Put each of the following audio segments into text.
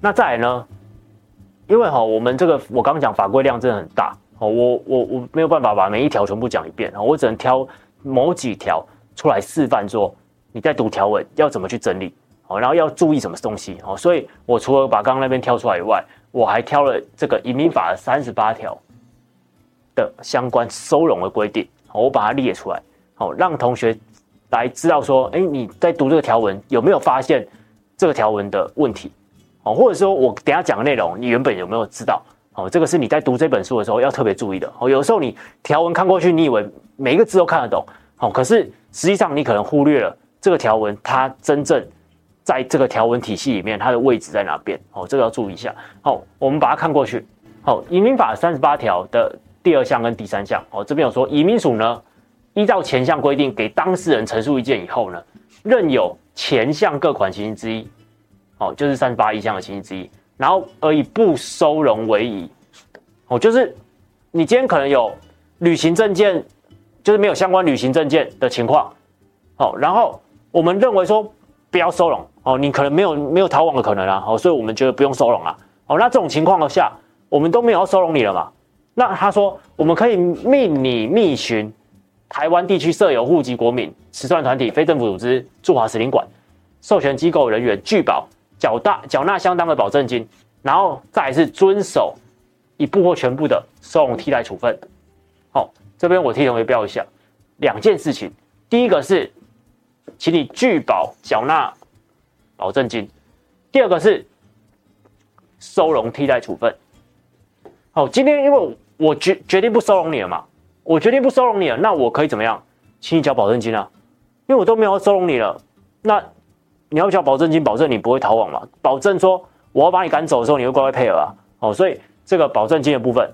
那再來呢？因為哈，我們這個我剛講法規量真的很大哦，我我我沒有辦法把每一條全部講一遍啊，我只能挑某幾條出來示範，說你在讀條文要怎麼去整理哦，然後要注意什麼東西哦，所以我除了把剛剛那邊挑出來以外，我還挑了這個移民法的三十八條的相關收容的規定。我把它列出來，好讓同學來知道說，誒，你在讀這個條文有沒有發現這個條文的問題？哦，或者說我等下講的內容，你原本有沒有知道？哦，這個是你在讀這本書的時候要特別注意的。哦，有時候你條文看過去，你以為每一個字都看得懂，哦，可是實際上你可能忽略了這個條文它真正在這個條文體系裡面它的位置在哪邊？哦，這個要注意一下。哦，我們把它看過去。哦，移民法三十八條的第二項跟第三項，哦，這邊有說，移民署呢，依照前項規定給當事人陳述意見以後呢，認有前項各款情形之一，哦，就是三十八之一項的情形之一，然後而以不收容為宜，哦，就是你今天可能有旅行證件，就是沒有相關旅行證件的情況，哦，然後我們認為說不要收容，哦，你可能沒有沒有逃亡的可能啦、啊，哦，所以我們覺得不用收容啊，哦，那這種情況下，我們都沒有要收容你了嘛。那他說，我們可以命你覓尋台灣地區設有戶籍國民、慈善團體、非政府組織、駐華使領館、授權機構人員，具保繳納繳納相當的保證金，然後再來是遵守一部或全部的收容替代處分。好、哦，這邊我替同學標一下，兩件事情，第一個是請你具保繳納保證金，第二個是收容替代處分。好、哦，今天因為我。我決決定不收容你了嘛，我決定不收容你了，那我可以怎麼樣？請你繳保證金啊，因為我都沒有收容你了，那你要不繳交保證金，保證你不會逃亡嘛，保證說我要把你趕走的時候，你會乖乖配合啊，哦，所以這個保證金的部分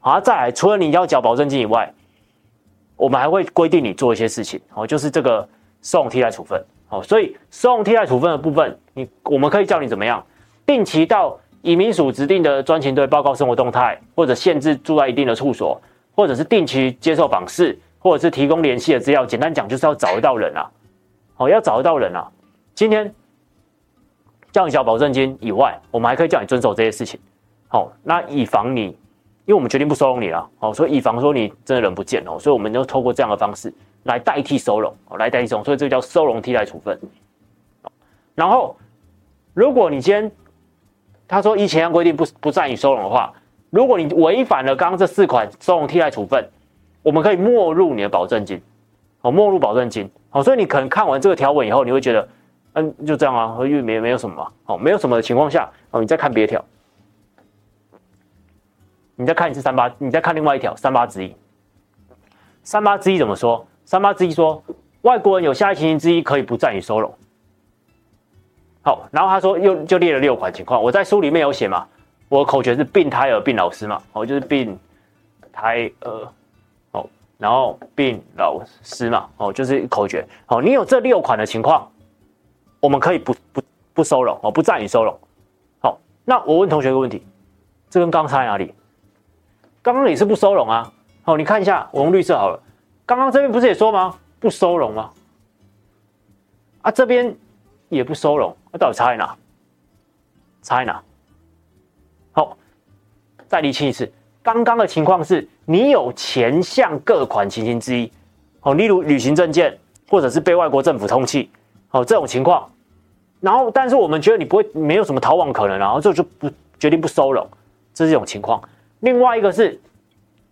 啊，再來，除了你要繳保證金以外，我們還會規定你做一些事情，哦，就是這個收容替代處分，哦，所以收容替代處分的部分，你我們可以叫你怎麼樣？定期到。以民署指定的專勤隊報告生活動態，或者限制住在一定的處所，或者是定期接受訪視，或者是提供聯繫的資料。簡單講，就是要找得到人啊！哦，要找得到人啊！今天叫你交保證金以外，我們還可以叫你遵守這些事情。哦，那以防你，因為我們決定不收容你了，哦，所以以防說你真的人不見哦，所以我們就透過這樣的方式來代替收容。哦，來代替收容，所以這個叫收容替代處分。然後，如果你今天。他說：“依前項規定不，不不暫予收容的話，如果你違反了剛剛這四款收容替代處分，我們可以沒入你的保證金。好、哦，沒入保證金。好、哦，所以你可能看完這個條文以後，你會覺得，嗯，就這樣啊，因為沒有沒有什麼嘛。好、哦，沒有什麼的情況下，哦，你再看別條，你再看一次三八，你再看另外一條三八之一。三八之一怎麼說？三八之一說，外國人有下列情形之一，可以不暫予收容。”好，然後他說又就列了六款情況，我在書裡面有寫嘛，我的口訣是病胎兒病老師嘛，哦就是病胎兒，哦，然後病老師嘛，哦就是口訣，哦你有這六款的情況，我們可以不不不收容，哦不暫予收容，好、哦，那我問同學一個問題，這跟剛才差在哪裡？剛剛也是不收容啊，哦你看一下，我用綠色好了，剛剛這邊不是也說嗎？不收容嗎？啊這邊。也不收容，那、啊、到底差在哪？差在哪？好，再釐清一次，剛剛的情況是你有前項各款情形之一，好，例如旅行證件，或者是被外國政府通緝，好，這種情況。然後，但是我們覺得你不會沒有什麼逃亡可能、啊，然後就就不決定不收容，這是一種情況。另外一個是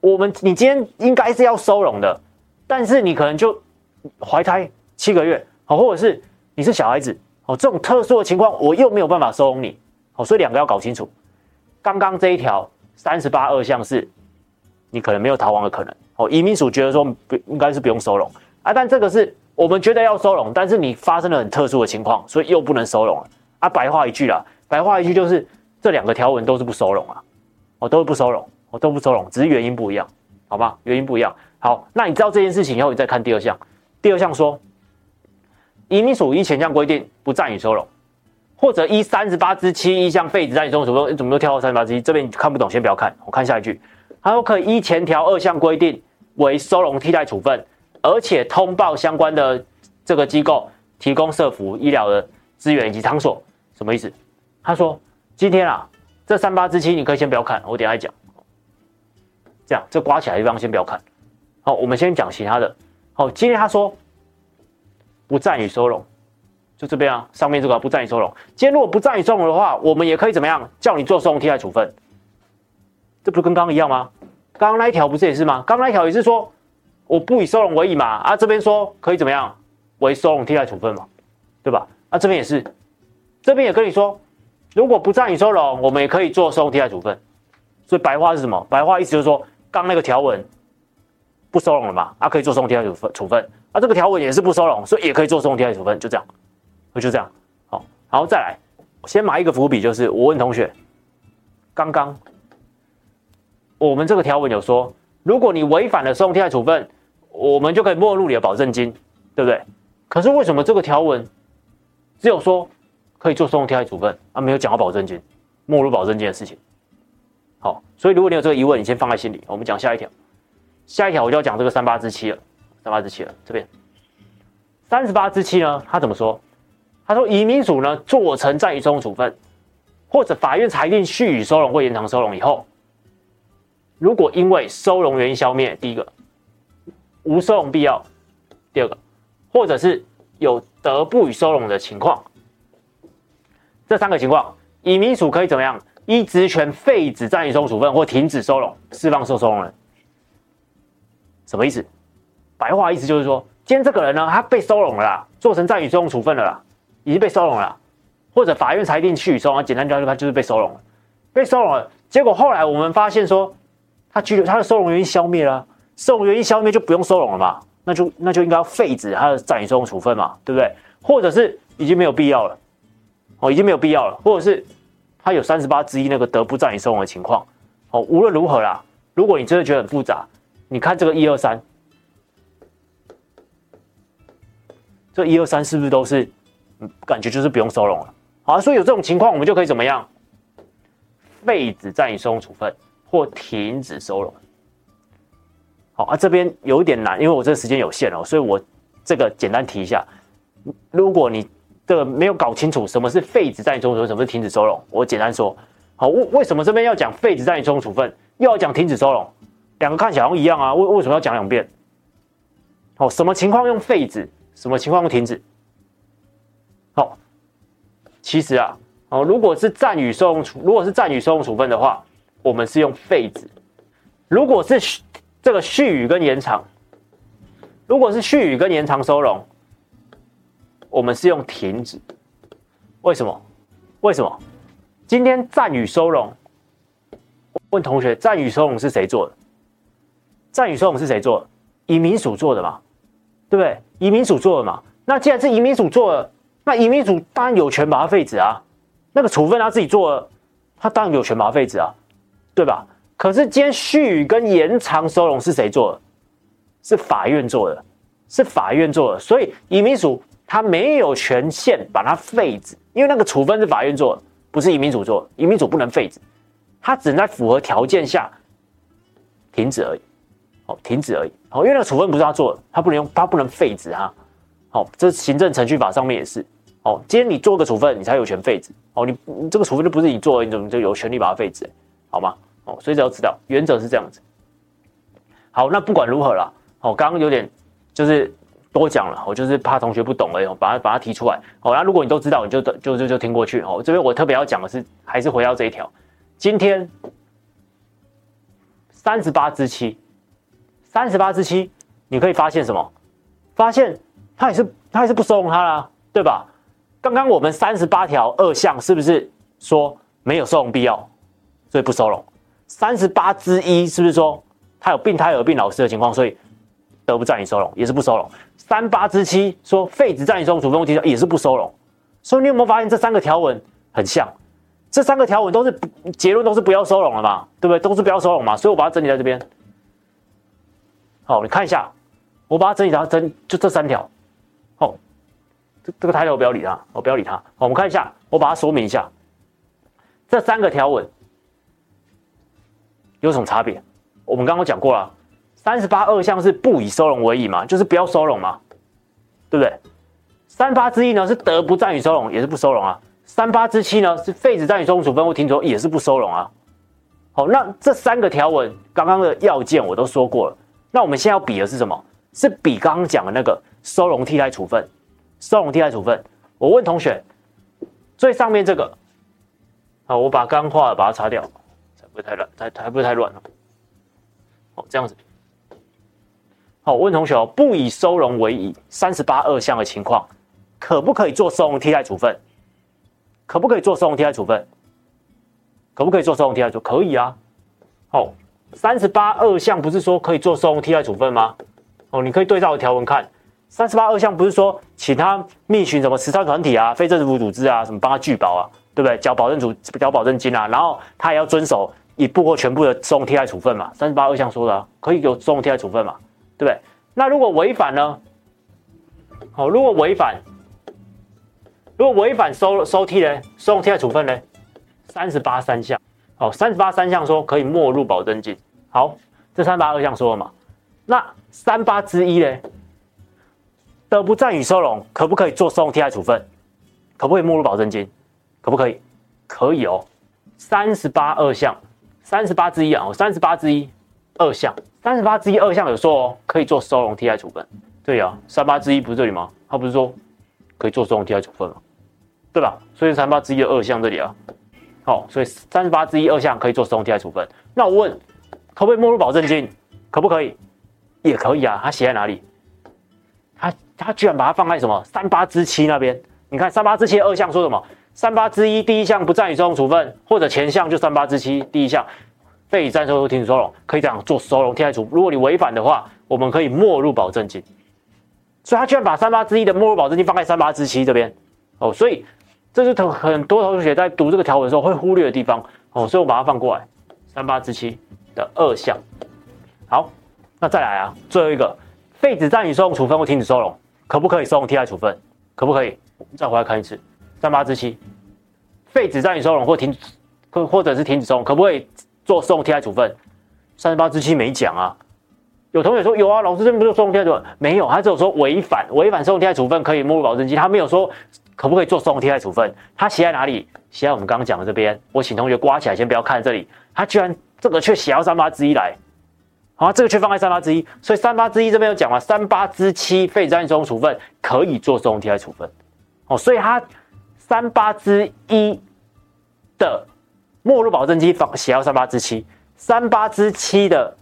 我們，你今天應該是要收容的，但是你可能就懷胎七個月，好，或者是。你是小孩子哦，這種特殊的情況，我又沒有辦法收容你哦，所以兩個要搞清楚。剛剛這一條三十八二項是，你可能沒有逃亡的可能哦。移民署覺得說不應該是不用收容啊，但這個是我們覺得要收容，但是你發生了很特殊的情況，所以又不能收容了啊。白話一句啦，白話一句就是這兩個條文都是不收容了、啊、哦，都不收容，我、哦、都不收容，只是原因不一樣，好嗎？原因不一樣。好，那你知道這件事情以後，你再看第二項，第二項說。移民署依前項規定，不暫予收容，或者依三十八之七一項廢止暫予收容，怎麼、欸、怎麼都跳到三十八之七，7，這邊你看不懂，先不要看，我看下一句。他說可以依前條二項規定為收容替代處分，而且通報相關的這個機構，提供社福醫療的資源以及場所，什麼意思？他說今天啊，這三八之七你可以先不要看，我等一下來講。這樣這颳起來的地方先不要看，好，我們先講其他的。好，今天他說。不暫予收容，就這邊啊，上面這個、啊、不暫予收容。今天如果不暫予收容的話，我們也可以怎麼樣？叫你做收容替代處分，這不是跟剛剛一樣嗎？剛剛那一條不是也是嗎？剛剛那一條也是說，我不以收容為宜嘛。啊，這邊說可以怎麼樣？為收容替代處分嘛，對吧？啊，這邊也是，這邊也可以說，如果不暫予收容，我們也可以做收容替代處分。所以白話是什麼？白話意思就是說，剛那個條文。不收容了嘛？啊，可以做收容替代處分。啊，這個條文也是不收容，所以也可以做收容替代處分。就這樣，我就這樣。好，然後再來，先埋一個伏筆，就是我問同學，剛剛我們這個條文有說，如果你違反了收容替代處分，我們就可以沒入你的保證金，對不對？可是為什麼這個條文只有說可以做收容替代處分，而、啊、沒有講到保證金、沒入保證金的事情？好，所以如果你有這個疑問，你先放在心裡。我們講下一條。下一條我就要講這個三八之七了，三八之七了，這邊三十八之七呢？他怎麼說？他說，移民署呢，做成暫予收容處分，或者法院裁定續予收容或延長收容以後，如果因為收容原因消滅，第一個無收容必要，第二個或者是有得不予收容的情況，這三個情況，移民署可以怎麼樣？依職權廢止暫予收容處分或停止收容，釋放受收容人。什麼意思？白話意思就是說，今天這個人呢，他被收容了，做成暫予收容處分了，已經被收容了，或者法院裁定續予收容，簡單來說，他就是被收容了，被收容了。結果後來我們發現說，他拘留他的收容原因消滅了，收容原因消滅就不用收容了嘛，那就那就應該要廢止他的暫予收容處分嘛，對不對？或者是已經沒有必要了，哦，已經沒有必要了，或者是他有三十八之一那個得不暫予收容的情況，哦，無論如何啦，如果你真的覺得很複雜。你看這個一二三，這一二三是不是都是，感覺就是不用收容了？好、啊，所以有這種情況，我們就可以怎麼樣？廢止暫予收容處分或停止收容。好啊，這邊有一點難，因為我這個時間有限哦。所以我這個簡單提一下。如果你這個沒有搞清楚什麼是廢止暫予收容處分，什麼是停止收容，我簡單說。好，為什麼這邊要講廢止暫予收容處分，又要講停止收容？兩個看起來一樣啊？為為什麼要講兩遍？哦，什麼情況用廢止，什麼情況用停止？好、哦，其實啊，哦，如果是暫予收容處，如果是暫予收容處分的話，我們是用廢止。如果是這個續予跟延長，如果是續予跟延長收容，我們是用停止。為什麼？為什麼？今天暫予收容，問同學，暫予收容是誰做的？暫予收容是誰做的？移民署做的嘛，對不對？移民署做的嘛。那既然是移民署做的，那移民署當然有權把它廢止啊。那個處分他自己做的，他當然有權把它廢止啊，對吧？可是今天續予跟延長收容是誰做的？是法院做的，是法院做的。所以移民署他沒有權限把它廢止，因為那個處分是法院做的，不是移民署做的，移民署不能廢止，他只能在符合條件下停止而已。哦，停止而已。哦，因為那個處分不是他做的，他不能用，他不能廢止啊。好、哦，這是行政程序法上面也是。哦，今天你做的處分，你才有權廢止。哦，你，你這個處分就不是你做的，你怎麼就有權利把它廢止？好嗎？哦，所以只要知道，原則是這樣子。好，那不管如何了。哦，剛剛有點就是多講了，我、哦、就是怕同學不懂而已，哦、把它把它提出來。哦，那如果你都知道，你就就就就聽過去。哦，這邊我特別要講的是，還是回到這一條。今天三十八之七。三十八之七，7你可以發現什麼？發現他也是他也是不收容他啦、啊，對吧？剛剛我們三十八條二項是不是說沒有收容必要，所以不收容？三十八之一是不是說他有病，他有病老師的情況，所以得不暫予收容也是不收容？三八之七說廢止暫予收容，主動提出也是不收容。所以你有沒有發現這三個條文很像？這三個條文都是結論都是不要收容了嘛，對不對？都是不要收容嘛，所以我把它整理在這邊。好，你看一下，我把它整理成，就這三條。好、哦，這這個抬頭不要理它，我不要理它。好，我們看一下，我把它說明一下。這三個條文有什麼差別？我們剛剛講過了，三十八二項是不以收容為宜嘛，就是不要收容嘛，對不對？三八之一呢是得不暫予收容，也是不收容啊。三八之七呢是廢止暫予收容處分或聽說也是不收容啊。好，那這三個條文剛剛的要件我都說過了。那我們現在要比的是什麼？是比剛剛講的那個收容替代處分。收容替代處分，我問同學，最上面這個，好、哦、我把剛畫的把它擦掉，才不會太亂，才不會太亂哦。好，這樣子。好、哦，我問同學、哦，不以收容為宜，三十八二項的情況，可不可以做收容替代處分？可不可以做收容替代處分？可不可以做收容替代處分？可以啊。好、哦。三十八二項不是說可以做收容替代處分嗎？哦，你可以對照條文看。三十八二項不是說，請他覓尋什麼慈善團體啊、非政府組織啊什麼幫他具保啊，對不對？繳保證金、繳保證金啊，然後他也要遵守一部或全部的收容替代處分嘛。三十八二項說的、啊，可以有收容替代處分嘛，對不對？那如果違反呢？哦，如果違反，如果違反收收替嘞，收容替代處分呢，三十八三項。好，三十八三項說可以沒入保證金。好，這三八二項說了嘛？那三八之一嘞得不暫予收容，可不可以做收容替代處分？可不可以沒入保證金？可不可以？可以哦。三十八二項，三十八之一啊。哦，三十八之一二項，三十八之一二項有說哦，可以做收容替代處分。對呀、啊，三八之一不是這裡嗎？他不是說可以做收容替代處分嗎？對吧？所以三八之一的二項這裡啊。哦，所以三八之一二項可以做收容替代處分。那我問，可不可以沒入保證金？可不可以？也可以啊。他寫在哪裡？他它，它居然把它放在什麼三八之七那邊？你看三八之七二項說什麼？三八之一第一項不占你收容處分，或者前項就三八之七第一項被暫收停止收容，可以這樣做收容替代處。如果你違反的話，我們可以沒入保證金。所以他居然把三八之一的沒入保證金放在三八之七這邊。哦，所以。這是很多同學在讀這個條文的時候會忽略的地方哦，所以我把它放過來。三八之七的二項，好，那再來啊，最後一個，廢止、暫停收容處分或停止收容，可不可以收容替代處分？可不可以？再回來看一次，三八之七，廢止、暫停收容或停止或者是停止收容，可不可以做收容替代處分？三八之七沒講啊，有同學說有啊，老師這邊不做收容替代處分沒有，他只有說違反違反收容替代處分可以沒入保證金，他沒有說。可不可以做收容替代處分？它寫在哪裡？寫在我們剛剛講的這邊。我請同學刮起來，先不要看這裡。它居然這個卻寫到三八之一來，啊，這個卻放在三八之一。1, 所以三八之一這邊有講了，三八之七廢止暫予收容處分可以做收容替代處分，哦，所以它三八之一的沒入保證金寫到三八之七，三八之七的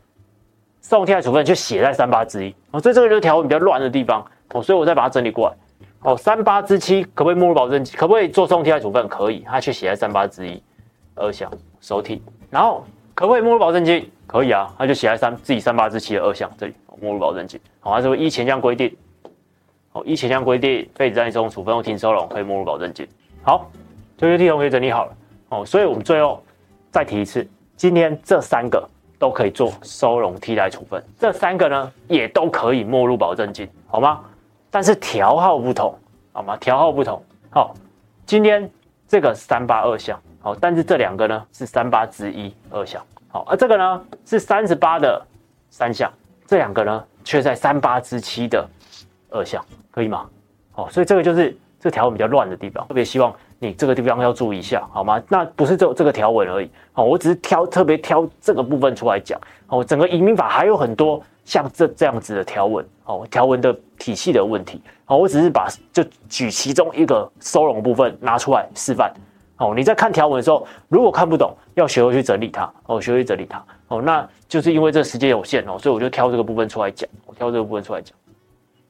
收容替代處分卻寫在三八之一。所以這個就是條文比較亂的地方。哦，所以我再把它整理過來。哦，三八之七可不可以沒入保證金？可不可以做收容替代處分？可以，他卻寫在三八之一二項收替。然後可不可以沒入保證金？可以啊，他就寫在三自己三八之七的二項這裡沒入保證金。好，他是不是依前項規定。哦，依前項規定，廢止任意收容處分或停收容，可以沒入保證金。好，這些題同學整理好了。哦，所以我們最後再提一次，今天這三個都可以做收容替代處分，這三個呢也都可以沒入保證金，好嗎？但是條號不同，好嗎？條號不同，好，今天這個三八二項，好，但是這兩個呢是三八之一二項，好，而這個呢是三十八的三項，這兩個呢卻在三八之七的二項，可以嗎？好，所以這個就是這條比較亂的地方，特別希望你這個地方要注意一下，好嗎？那不是這這個條文而已，好，我只是挑特別挑這個部分出來講，好，整個移民法還有很多。像這這樣子的條文，哦，條文的體系的問題，哦，我只是把就舉其中一個收容部分拿出來示範，哦，你在看條文的時候，如果看不懂，要學會去整理它，哦，學會去整理它，哦，那就是因為這時間有限，哦，所以我就挑這個部分出來講，我挑這個部分出來講，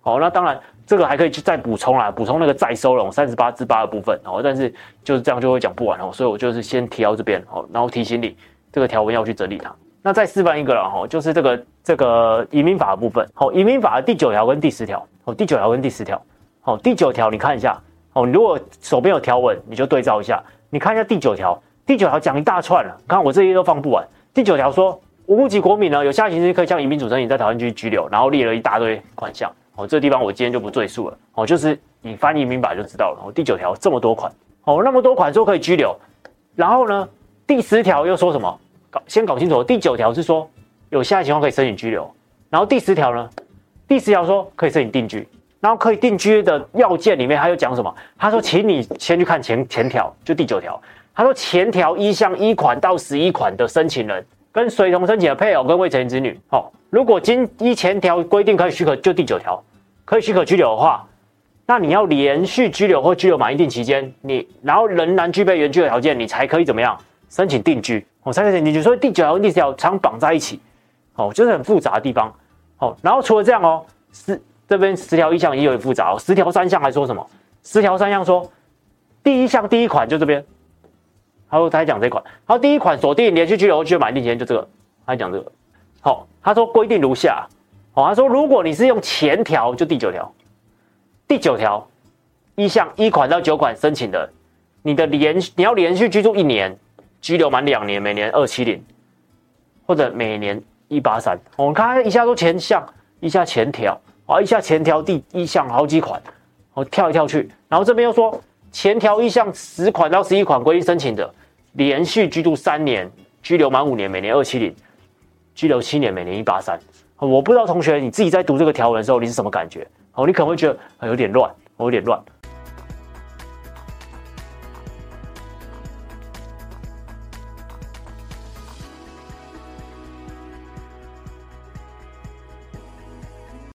好、哦，那當然這個還可以去再補充啦、啊，補充那個再收容三十八之八的部分，哦，但是就是這樣就會講不完哦，所以我就是先提到這邊，哦，然後提醒你這個條文要去整理它。那再示範一個了，哈,就是這個這個移民法的部分。好,移民法的第九條跟第十條。好,第九條跟第十條。好,第九條你看一下。哦,你如果手邊有條文,你就對照一下。你看一下第九條,第九條講一大串了。你看我這些都放不完。第九條說，無國籍國民呢,有下列情形可以向移民署申請在台灣地區居留,然後列了一大堆款項。哦,這個地方我今天就不贅述了。哦,就是你翻移民法就知道了。哦,第九條這麼多款。哦,那麼多款都可以居留。然後呢,第十條又說什麼?先搞清楚，第九條是說有下列情況可以申請居留，然後第十條呢？第十條說可以申請定居，然後可以定居的要件裡面他又講什麼？他說，請你先去看前前條，就第九條。他說前條一項一款到十一款的申請人，跟隨同申請的配偶跟未成年子女，哦，如果經，依前條規定可以許可，就第九條可以許可居留的話，那你要連續居留或居留滿一定期間，你然後仍然具備原居留條件，你才可以怎麼樣？申請定居哦，申請定居，所以第九條跟第十條常綁在一起，哦，就是很複雜的地方，哦。然後除了這樣哦，十這邊十條一項也有點複雜哦。十條三項還說什麼？十條三項說第一項第一款就這邊，他說他還講這一款。他說第一款鎖定連續居留就買定年就這個，他還講這個。好，哦，他說規定如下，哦，他說如果你是用前條，就第九條，第九條一項一款到九款申請的，你的連你要連續居住一年。居留滿兩年，每年二七零，或者每年一八三。我、哦、看一下，都前項，一下前條，啊、哦，一下前條第一項好幾款，我、哦、跳一跳去，然後這邊又說前條一項十款到十一款規定申請的，連續居住三年，居留滿五年，每年二七零，居留七年，每年一八三。我不知道同學你自己在讀這個條文的時候，你是什麼感覺？哦，你可能會覺得有點亂，哦，有點亂。